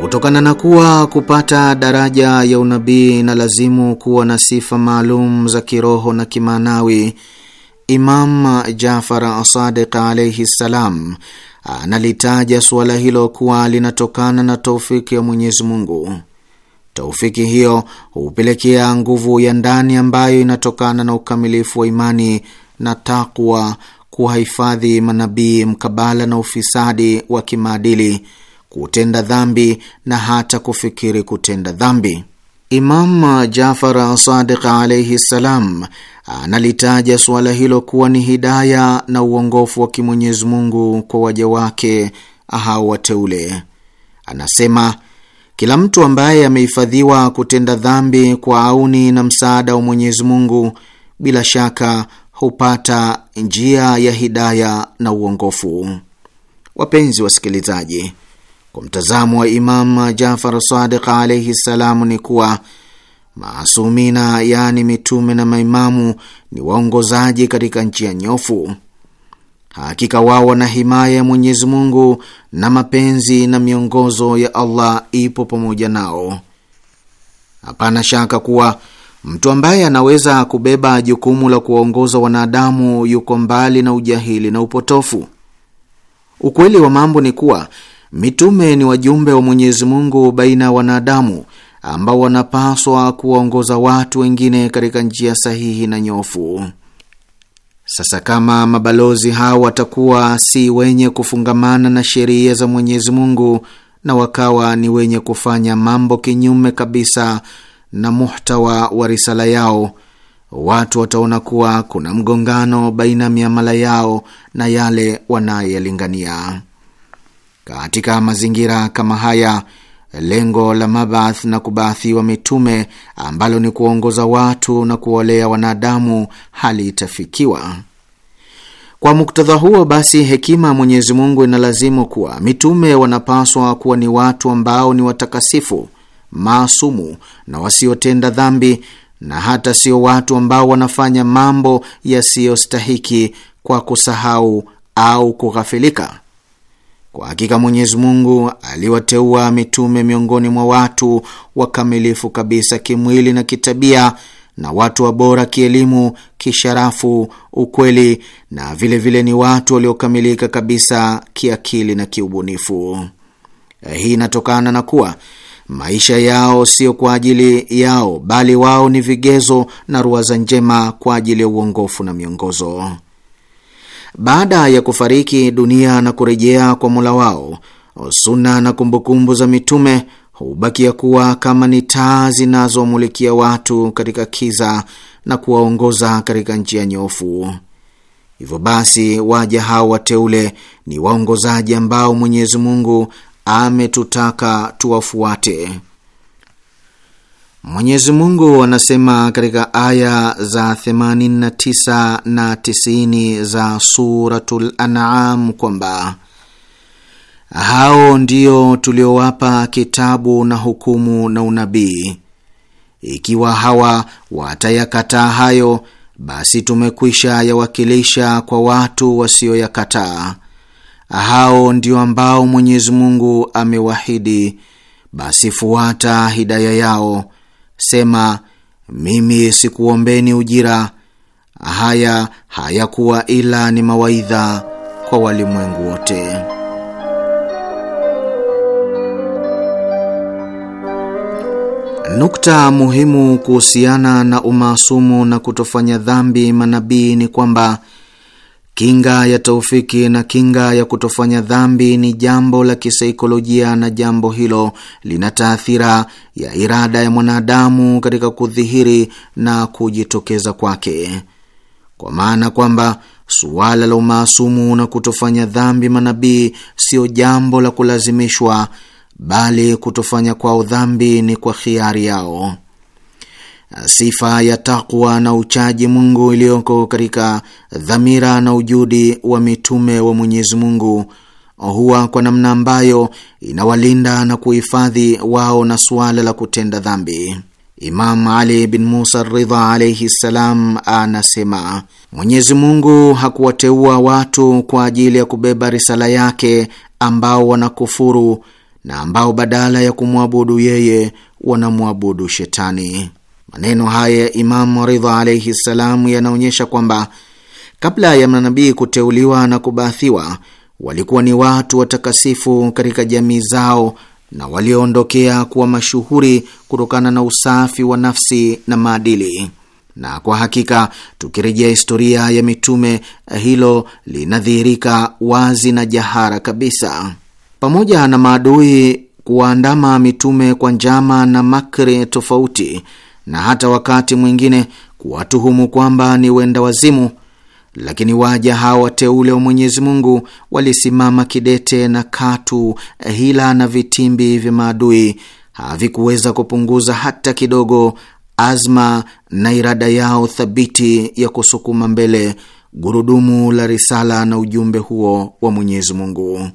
Kutokana na kuwa kupata daraja ya unabii na lazimu kuwa na sifa maalum za kiroho na kimaanawi Imam Jafar Sadiq alaihi ssalam analitaja suala hilo kuwa linatokana na taufiki ya Mwenyezi Mungu. Taufiki hiyo hupelekea nguvu ya ndani ambayo inatokana na ukamilifu wa imani na takwa, kuwahifadhi manabii mkabala na ufisadi wa kimaadili, kutenda dhambi na hata kufikiri kutenda dhambi. Imam Jafar Sadiq alaihi ssalam analitaja suala hilo kuwa ni hidaya na uongofu wa Kimwenyezi Mungu kwa waja wake hao wateule. Anasema kila mtu ambaye amehifadhiwa kutenda dhambi kwa auni na msaada wa Mwenyezi Mungu bila shaka hupata njia ya hidaya na uongofu. Wapenzi wasikilizaji kwa mtazamo wa Imam Jafar Sadiq alaihi ssalamu ni kuwa maasumina, yaani mitume na maimamu, ni waongozaji katika nchi ya nyofu. Hakika wao wana himaya ya Mwenyezi Mungu na mapenzi na miongozo ya Allah ipo pamoja nao. Hapana shaka kuwa mtu ambaye anaweza kubeba jukumu la kuwaongoza wanadamu yuko mbali na ujahili na upotofu. Ukweli wa mambo ni kuwa Mitume ni wajumbe wa Mwenyezi Mungu baina ya wanadamu ambao wanapaswa kuwaongoza watu wengine katika njia sahihi na nyofu. Sasa kama mabalozi hao watakuwa si wenye kufungamana na sheria za Mwenyezi Mungu na wakawa ni wenye kufanya mambo kinyume kabisa na muhtawa wa risala yao, watu wataona kuwa kuna mgongano baina ya miamala yao na yale wanayelingania. Katika mazingira kama haya, lengo la mabath na kubaathiwa mitume ambalo ni kuongoza watu na kuwalea wanadamu halitafikiwa. Kwa muktadha huo basi, hekima ya Mwenyezi Mungu inalazimu kuwa mitume wanapaswa kuwa ni watu ambao ni watakasifu, maasumu na wasiotenda dhambi, na hata sio watu ambao wanafanya mambo yasiyostahiki kwa kusahau au kughafilika. Kwa hakika Mwenyezi Mungu aliwateua mitume miongoni mwa watu wakamilifu kabisa kimwili na kitabia, na watu wa bora kielimu, kisharafu, ukweli, na vilevile vile ni watu waliokamilika kabisa kiakili na kiubunifu. Hii inatokana na kuwa maisha yao sio kwa ajili yao, bali wao ni vigezo na ruwaza njema kwa ajili ya uongofu na miongozo. Baada ya kufariki dunia na kurejea kwa Mola wao, suna na kumbukumbu za mitume hubakia kuwa kama ni taa zinazomulikia watu katika kiza na kuwaongoza katika njia nyofu. Hivyo basi, waja hao wateule ni waongozaji ambao Mwenyezi Mungu ametutaka tuwafuate. Mwenyezi Mungu anasema katika aya za 89 na 90 za Suratul An'am kwamba hao ndio tuliowapa kitabu na hukumu na unabii. Ikiwa hawa watayakataa hayo, basi tumekwisha yawakilisha kwa watu wasioyakataa. Hao ndio ambao Mwenyezi Mungu amewahidi, basi fuata hidaya yao Sema, mimi sikuombeni ujira, haya hayakuwa ila ni mawaidha kwa walimwengu wote. Nukta muhimu kuhusiana na umaasumu na kutofanya dhambi manabii ni kwamba Kinga ya taufiki na kinga ya kutofanya dhambi ni jambo la kisaikolojia, na jambo hilo lina taathira ya irada ya mwanadamu katika kudhihiri na kujitokeza kwake, kwa maana kwamba suala la umaasumu na kutofanya dhambi manabii siyo jambo la kulazimishwa, bali kutofanya kwao dhambi ni kwa khiari yao sifa ya takwa na uchaji Mungu iliyoko katika dhamira na ujudi wa mitume wa Mwenyezi Mungu huwa kwa namna ambayo inawalinda na kuhifadhi wao na suala la kutenda dhambi. Imam Ali bin Musa Ridha alaihi ssalam anasema Mwenyezi Mungu hakuwateua watu kwa ajili ya kubeba risala yake ambao wanakufuru na ambao badala ya kumwabudu yeye wanamwabudu shetani. Maneno haya ya Imamu Ridha alaihi ssalamu yanaonyesha kwamba kabla ya manabii kuteuliwa na kubaathiwa walikuwa ni watu watakasifu katika jamii zao na walioondokea kuwa mashuhuri kutokana na usafi wa nafsi na maadili. Na kwa hakika tukirejea historia ya mitume, hilo linadhihirika wazi na jahara kabisa. Pamoja na maadui kuwaandama mitume kwa njama na makri tofauti na hata wakati mwingine kuwatuhumu kwamba ni wenda wazimu, lakini waja hawa wateule wa Mwenyezi Mungu walisimama kidete na katu hila na vitimbi vya maadui havikuweza kupunguza hata kidogo azma na irada yao thabiti ya kusukuma mbele gurudumu la risala na ujumbe huo wa Mwenyezi Mungu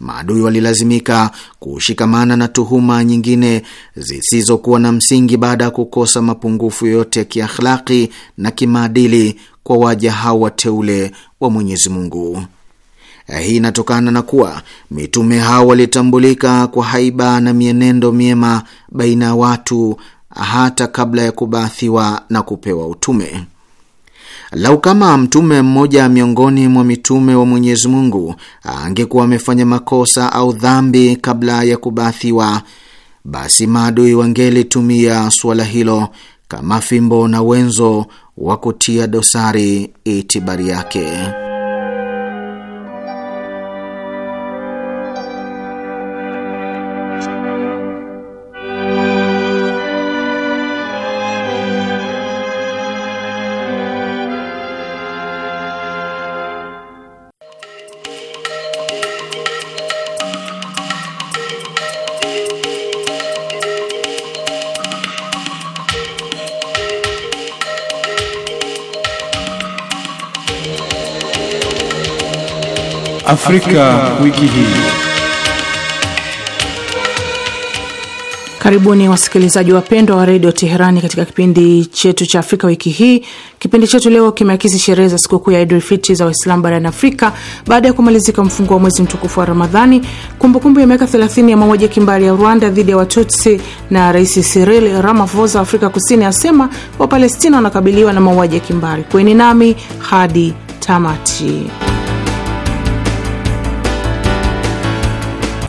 maadui walilazimika kushikamana na tuhuma nyingine zisizokuwa na msingi baada ya kukosa mapungufu yote ya kiakhlaki na kimaadili kwa waja hao wateule wa Mwenyezi Mungu. Hii inatokana na kuwa mitume hao walitambulika kwa haiba na mienendo miema baina ya watu hata kabla ya kubaathiwa na kupewa utume. Lau kama mtume mmoja miongoni mwa mitume wa Mwenyezi Mungu angekuwa amefanya makosa au dhambi kabla ya kubathiwa, basi maadui wangelitumia suala hilo kama fimbo na wenzo wa kutia dosari itibari yake. Afrika, wiki hii. Karibuni wasikilizaji wapendwa wa redio Teherani katika kipindi chetu cha Afrika wiki hii. Kipindi chetu leo kimeakisi sherehe za sikukuu ya Idul Fitri za Waislamu barani Afrika baada ya kumalizika mfungo wa mwezi mtukufu wa Ramadhani, kumbukumbu ya miaka 30 ya mauaji ya kimbali ya Rwanda dhidi ya Watutsi, na Rais Cyril Ramaphosa wa Afrika Kusini asema Wapalestina wanakabiliwa na mauaji ya kimbali. Kweni nami hadi tamati.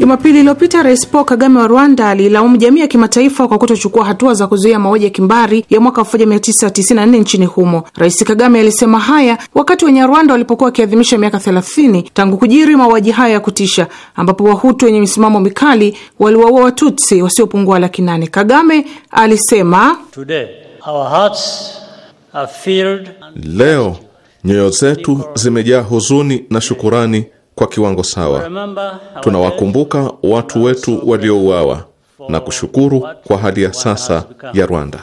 Jumapili iliyopita Rais Paul Kagame wa Rwanda aliilaumu jamii ya kimataifa kwa kutochukua hatua za kuzuia mauaji ya kimbari ya mwaka 1994 nchini humo. Rais Kagame alisema haya wakati wenye rwanda walipokuwa wakiadhimisha miaka 30 tangu kujiri mauaji haya ya kutisha, ambapo Wahutu wenye misimamo mikali waliwaua Watutsi wasiopungua laki nane. Kagame alisema Today, our hearts are filled... leo nyoyo zetu zimejaa huzuni na shukurani kwa kiwango sawa. Tunawakumbuka watu wetu waliouawa na kushukuru kwa hali ya sasa ya Rwanda.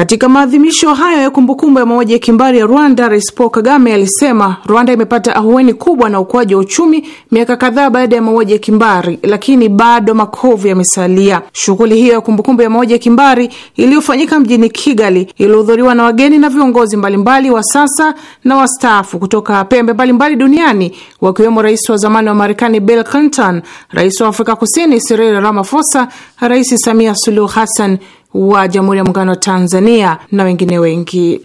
Katika maadhimisho hayo ya kumbukumbu ya mauaji ya kimbari ya Rwanda, Rais Paul Kagame alisema Rwanda imepata ahueni kubwa na ukuaji wa uchumi miaka kadhaa baada ya mauaji ya kimbari, lakini bado makovu yamesalia. Shughuli hiyo ya kumbukumbu ya mauaji ya kimbari iliyofanyika mjini Kigali ilihudhuriwa na wageni na viongozi mbalimbali wa sasa na wastaafu kutoka pembe mbalimbali duniani, wakiwemo rais wa zamani wa Marekani Bill Clinton, rais wa Afrika Kusini Cyril Ramaphosa, Rais Samia Suluhu Hassan wa Jamhuri ya Muungano wa Tanzania na wengine wengi.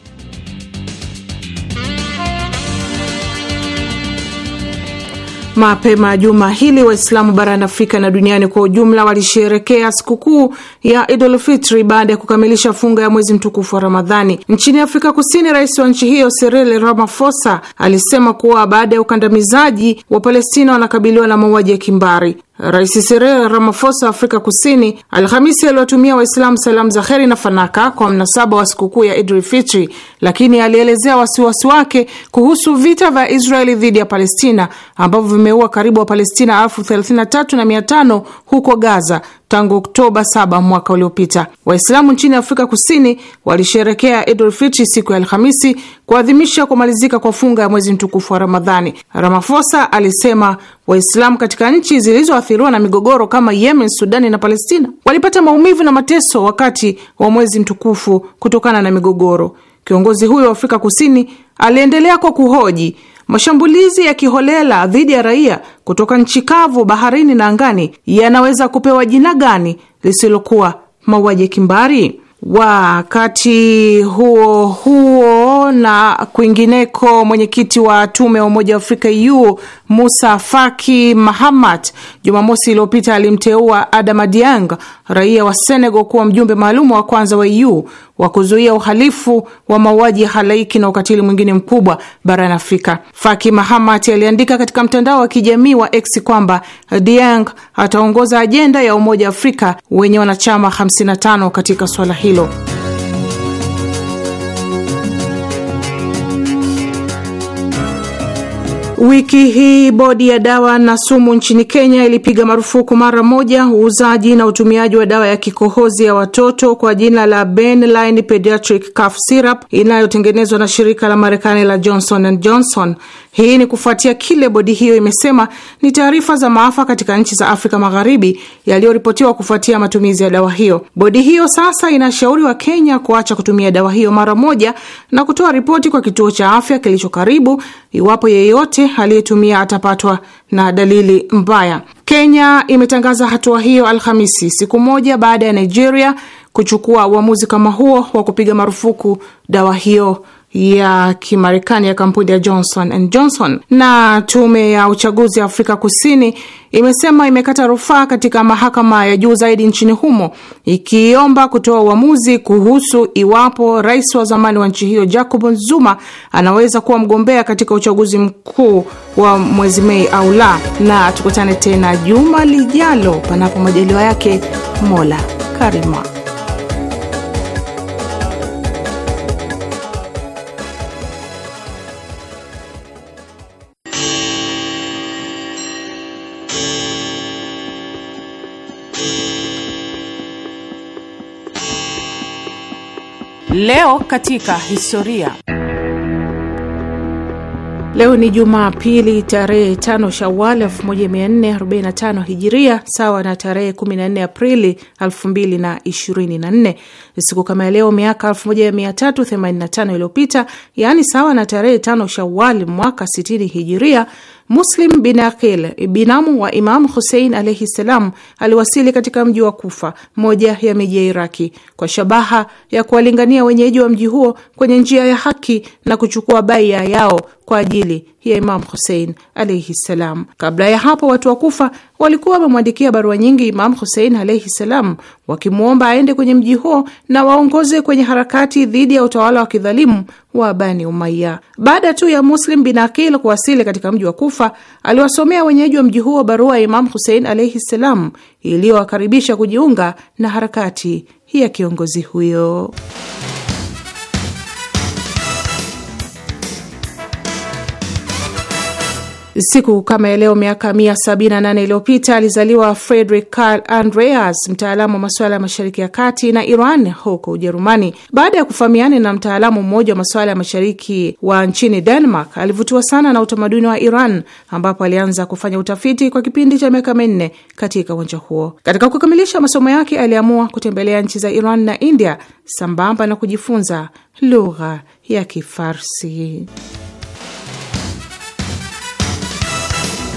Mapema juma hili Waislamu barani Afrika na duniani kwa ujumla walisherekea sikukuu ya Idul Fitri baada ya kukamilisha funga ya mwezi mtukufu wa Ramadhani. Nchini Afrika Kusini, rais wa nchi hiyo Cyril Ramaphosa alisema kuwa baada ya ukandamizaji, wa palestina wanakabiliwa na mauaji ya kimbari. Rais Cyril Ramaphosa wa Afrika Kusini Alhamisi aliwatumia Waislamu salamu za heri na fanaka kwa mnasaba wa sikukuu ya idri Fitri, lakini alielezea wasiwasi wake kuhusu vita vya Israeli dhidi ya Palestina ambavyo vimeua karibu Wapalestina elfu thelathini na na mia tano huko Gaza tangu Oktoba 7 mwaka uliopita. Waislamu nchini Afrika Kusini walisherekea Idul Fitri siku ya Alhamisi kuadhimisha kumalizika kwa funga ya mwezi mtukufu wa Ramadhani. Ramaphosa alisema Waislamu katika nchi zilizoathiriwa na migogoro kama Yemen, Sudani na Palestina walipata maumivu na mateso wakati wa mwezi mtukufu kutokana na migogoro. Kiongozi huyo wa Afrika Kusini aliendelea kwa kuhoji mashambulizi ya kiholela dhidi ya raia kutoka nchi kavu, baharini na angani yanaweza kupewa jina gani lisilokuwa mauaji kimbari? Wakati huo huo na kwingineko, mwenyekiti wa tume ya Umoja wa Afrika u Musa Faki Mahamat Jumamosi iliyopita alimteua Adama Diang, raia wa Senegal, kuwa mjumbe maalum wa kwanza wa EU wa kuzuia uhalifu wa mauaji ya halaiki na ukatili mwingine mkubwa barani Afrika. Faki Mahamat aliandika katika mtandao wa kijamii wa X kwamba Diang ataongoza ajenda ya Umoja wa Afrika wenye wanachama 55 katika swala hili. Lo... Wiki hii bodi ya dawa na sumu nchini Kenya ilipiga marufuku mara moja uuzaji na utumiaji wa dawa ya kikohozi ya watoto kwa jina la Benline Pediatric Cough Syrup inayotengenezwa na shirika la Marekani la Johnson and Johnson. Hii ni kufuatia kile bodi hiyo imesema ni taarifa za maafa katika nchi za Afrika Magharibi yaliyoripotiwa kufuatia matumizi ya dawa hiyo. Bodi hiyo sasa inashauri kenya kuacha kutumia dawa hiyo mara moja na kutoa ripoti kwa kituo cha afya kilicho karibu iwapo yeyote aliyetumia atapatwa na dalili mbaya. Kenya imetangaza hatua hiyo Alhamisi, siku moja baada ya Nigeria kuchukua uamuzi kama huo wa kupiga marufuku dawa hiyo ya Kimarekani ya kampuni ya Johnson and Johnson. Na tume ya uchaguzi ya Afrika Kusini imesema imekata rufaa katika mahakama ya juu zaidi nchini humo ikiomba kutoa uamuzi kuhusu iwapo rais wa zamani wa nchi hiyo Jacob Zuma anaweza kuwa mgombea katika uchaguzi mkuu wa mwezi Mei au la. Na tukutane tena juma lijalo, panapo majaliwa yake Mola Karima. Leo katika historia. Leo ni pili tarehe 5 Shawal 1445 Hijiria, sawa na tarehe 14 Aprili 2024. Siku kama leo miaka 1385 iliyopita, yaani sawa na tarehe tano Shawal mwaka 60 Hijiria, Muslim bin Aqil, binamu wa Imamu Husein alaihi ssalam, aliwasili katika mji wa Kufa, moja ya miji ya Iraki, kwa shabaha ya kuwalingania wenyeji wa mji huo kwenye njia ya haki na kuchukua baia yao kwa ajili ya Imam Husein alaihi ssalam. Kabla ya hapo, watu wa Kufa walikuwa wamemwandikia barua nyingi Imam Husein alaihi ssalam, wakimwomba aende kwenye mji huo na waongoze kwenye harakati dhidi ya utawala wa kidhalimu wa Bani Umaya. Baada tu ya Muslim bin Akil kuwasili katika mji wa Kufa, aliwasomea wenyeji wa mji huo barua ya Imam Husein alaihi ssalam iliyowakaribisha kujiunga na harakati ya kiongozi huyo. Siku kama ya leo miaka 178 iliyopita alizaliwa Friedrich Karl Andreas, mtaalamu wa masuala ya mashariki ya kati na Iran huko Ujerumani. Baada ya kufahamiana na mtaalamu mmoja wa masuala ya mashariki wa nchini Denmark, alivutiwa sana na utamaduni wa Iran, ambapo alianza kufanya utafiti kwa kipindi cha miaka minne katika uwanja huo. Katika kukamilisha masomo yake, aliamua kutembelea nchi za Iran na India sambamba na kujifunza lugha ya Kifarsi.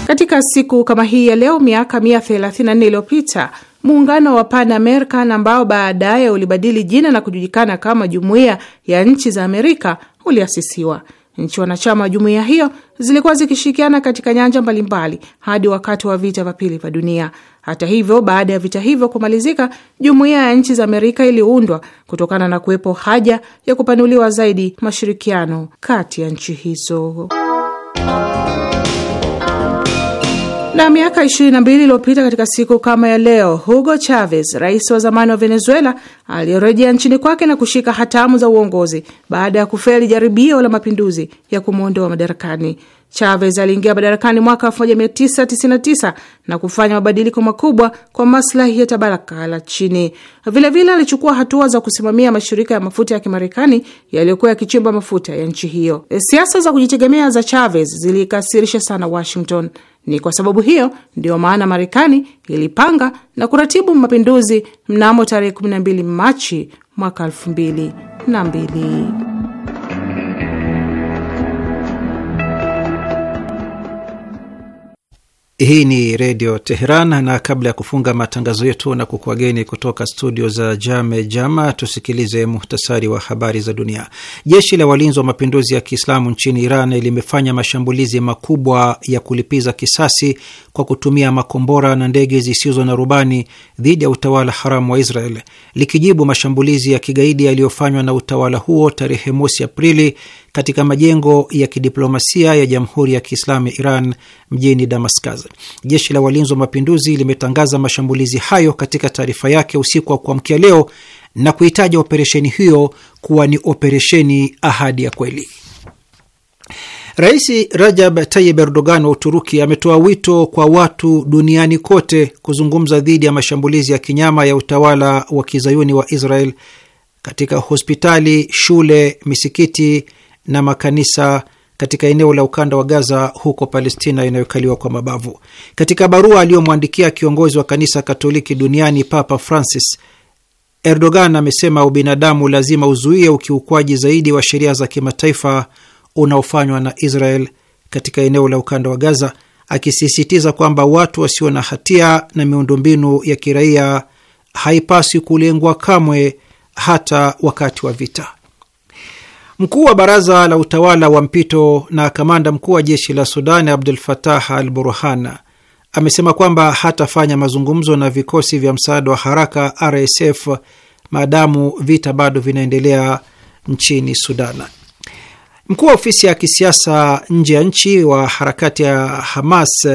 Katika siku kama hii ya leo miaka 134 iliyopita muungano wa Pan American ambao baadaye ulibadili jina na kujulikana kama Jumuiya ya Nchi za Amerika uliasisiwa. Nchi wanachama wa jumuiya hiyo zilikuwa zikishirikiana katika nyanja mbalimbali hadi wakati wa vita vya pili vya dunia. Hata hivyo, baada ya vita hivyo kumalizika, jumuiya ya nchi za Amerika iliundwa kutokana na kuwepo haja ya kupanuliwa zaidi mashirikiano kati ya nchi hizo. Na miaka 22 iliyopita katika siku kama ya leo, Hugo Chavez, rais wa zamani wa Venezuela, aliyorejea nchini kwake na kushika hatamu za uongozi baada ya kufeli jaribio la mapinduzi ya kumwondoa madarakani. Chavez aliingia madarakani mwaka 1999 na kufanya mabadiliko makubwa kwa maslahi ya tabaka la chini. Vilevile alichukua hatua za kusimamia mashirika ya mafuta ya Kimarekani yaliyokuwa yakichimba mafuta ya nchi hiyo. Siasa za kujitegemea za Chavez zilikasirisha sana Washington ni kwa sababu hiyo ndiyo maana Marekani ilipanga na kuratibu mapinduzi mnamo tarehe 12 Machi mwaka 2002. Hii ni Redio Teheran, na kabla ya kufunga matangazo yetu na kukuageni kutoka studio za Jame Jama, tusikilize muhtasari wa habari za dunia. Jeshi la walinzi wa mapinduzi ya Kiislamu nchini Iran limefanya mashambulizi makubwa ya kulipiza kisasi kwa kutumia makombora na ndege zisizo na rubani dhidi ya utawala haramu wa Israel, likijibu mashambulizi ya kigaidi yaliyofanywa na utawala huo tarehe mosi Aprili katika majengo ya kidiplomasia ya Jamhuri ya Kiislamu ya Iran mjini Damascus. Jeshi la Walinzi wa Mapinduzi limetangaza mashambulizi hayo katika taarifa yake usiku wa kuamkia leo na kuitaja operesheni hiyo kuwa ni operesheni Ahadi ya Kweli. Rais Rajab Tayyip Erdogan wa Uturuki ametoa wito kwa watu duniani kote kuzungumza dhidi ya mashambulizi ya kinyama ya utawala wa kizayuni wa Israel katika hospitali, shule, misikiti na makanisa katika eneo la ukanda wa Gaza huko Palestina inayokaliwa kwa mabavu. Katika barua aliyomwandikia kiongozi wa kanisa Katoliki duniani Papa Francis, Erdogan amesema ubinadamu lazima uzuie ukiukwaji zaidi wa sheria za kimataifa unaofanywa na Israel katika eneo la ukanda wa Gaza, akisisitiza kwamba watu wasio na hatia na miundombinu ya kiraia haipaswi kulengwa kamwe, hata wakati wa vita. Mkuu wa baraza la utawala wa mpito na kamanda mkuu wa jeshi la Sudani Abdul Fatah Al Burhan amesema kwamba hatafanya mazungumzo na vikosi vya msaada wa haraka RSF maadamu vita bado vinaendelea nchini Sudan. Mkuu wa ofisi ya kisiasa nje ya nchi wa harakati ya Hamas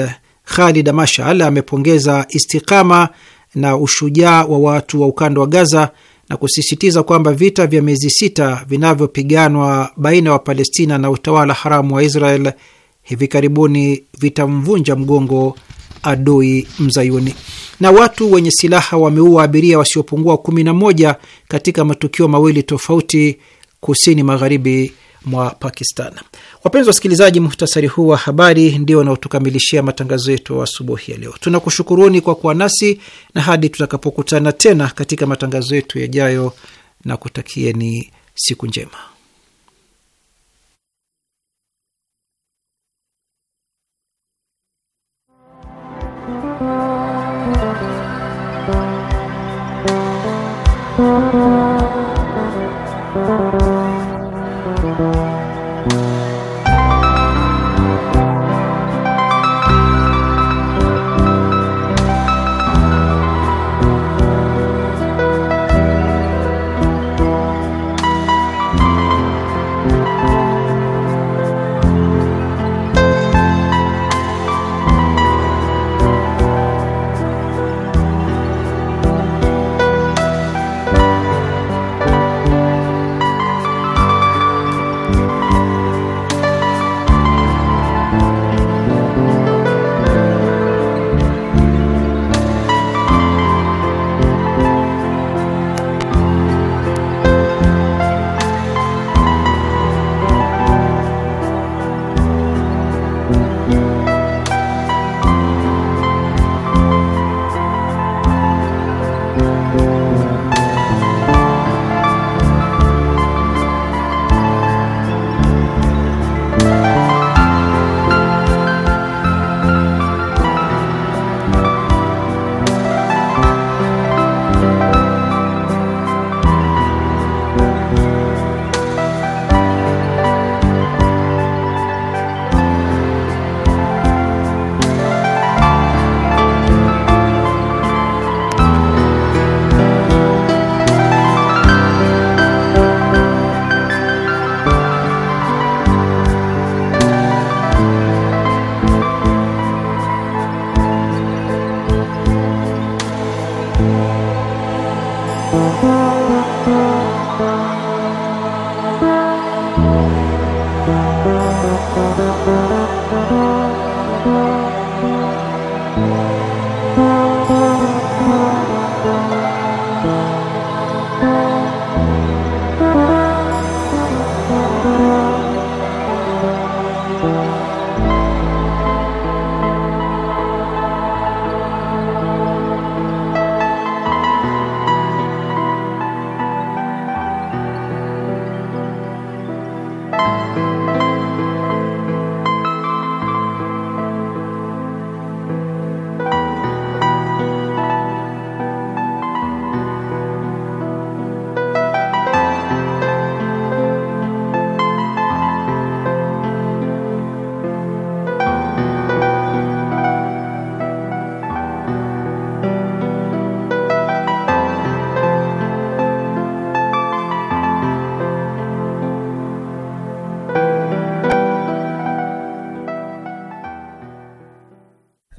Khalid Mashal amepongeza istikama na ushujaa wa watu wa ukanda wa Gaza na kusisitiza kwamba vita vya miezi sita vinavyopiganwa baina ya Wapalestina na utawala haramu wa Israel hivi karibuni vitamvunja mgongo adui mzayuni. Na watu wenye silaha wameua abiria wasiopungua moja katika matukio mawili tofauti kusini magharibi mwa Pakistan. Wapenzi wasikilizaji, muhtasari huu wa habari ndio unaotukamilishia matangazo yetu asubuhi ya leo. Tunakushukuruni kwa kuwa nasi na hadi tutakapokutana tena katika matangazo yetu yajayo, na kutakieni siku njema.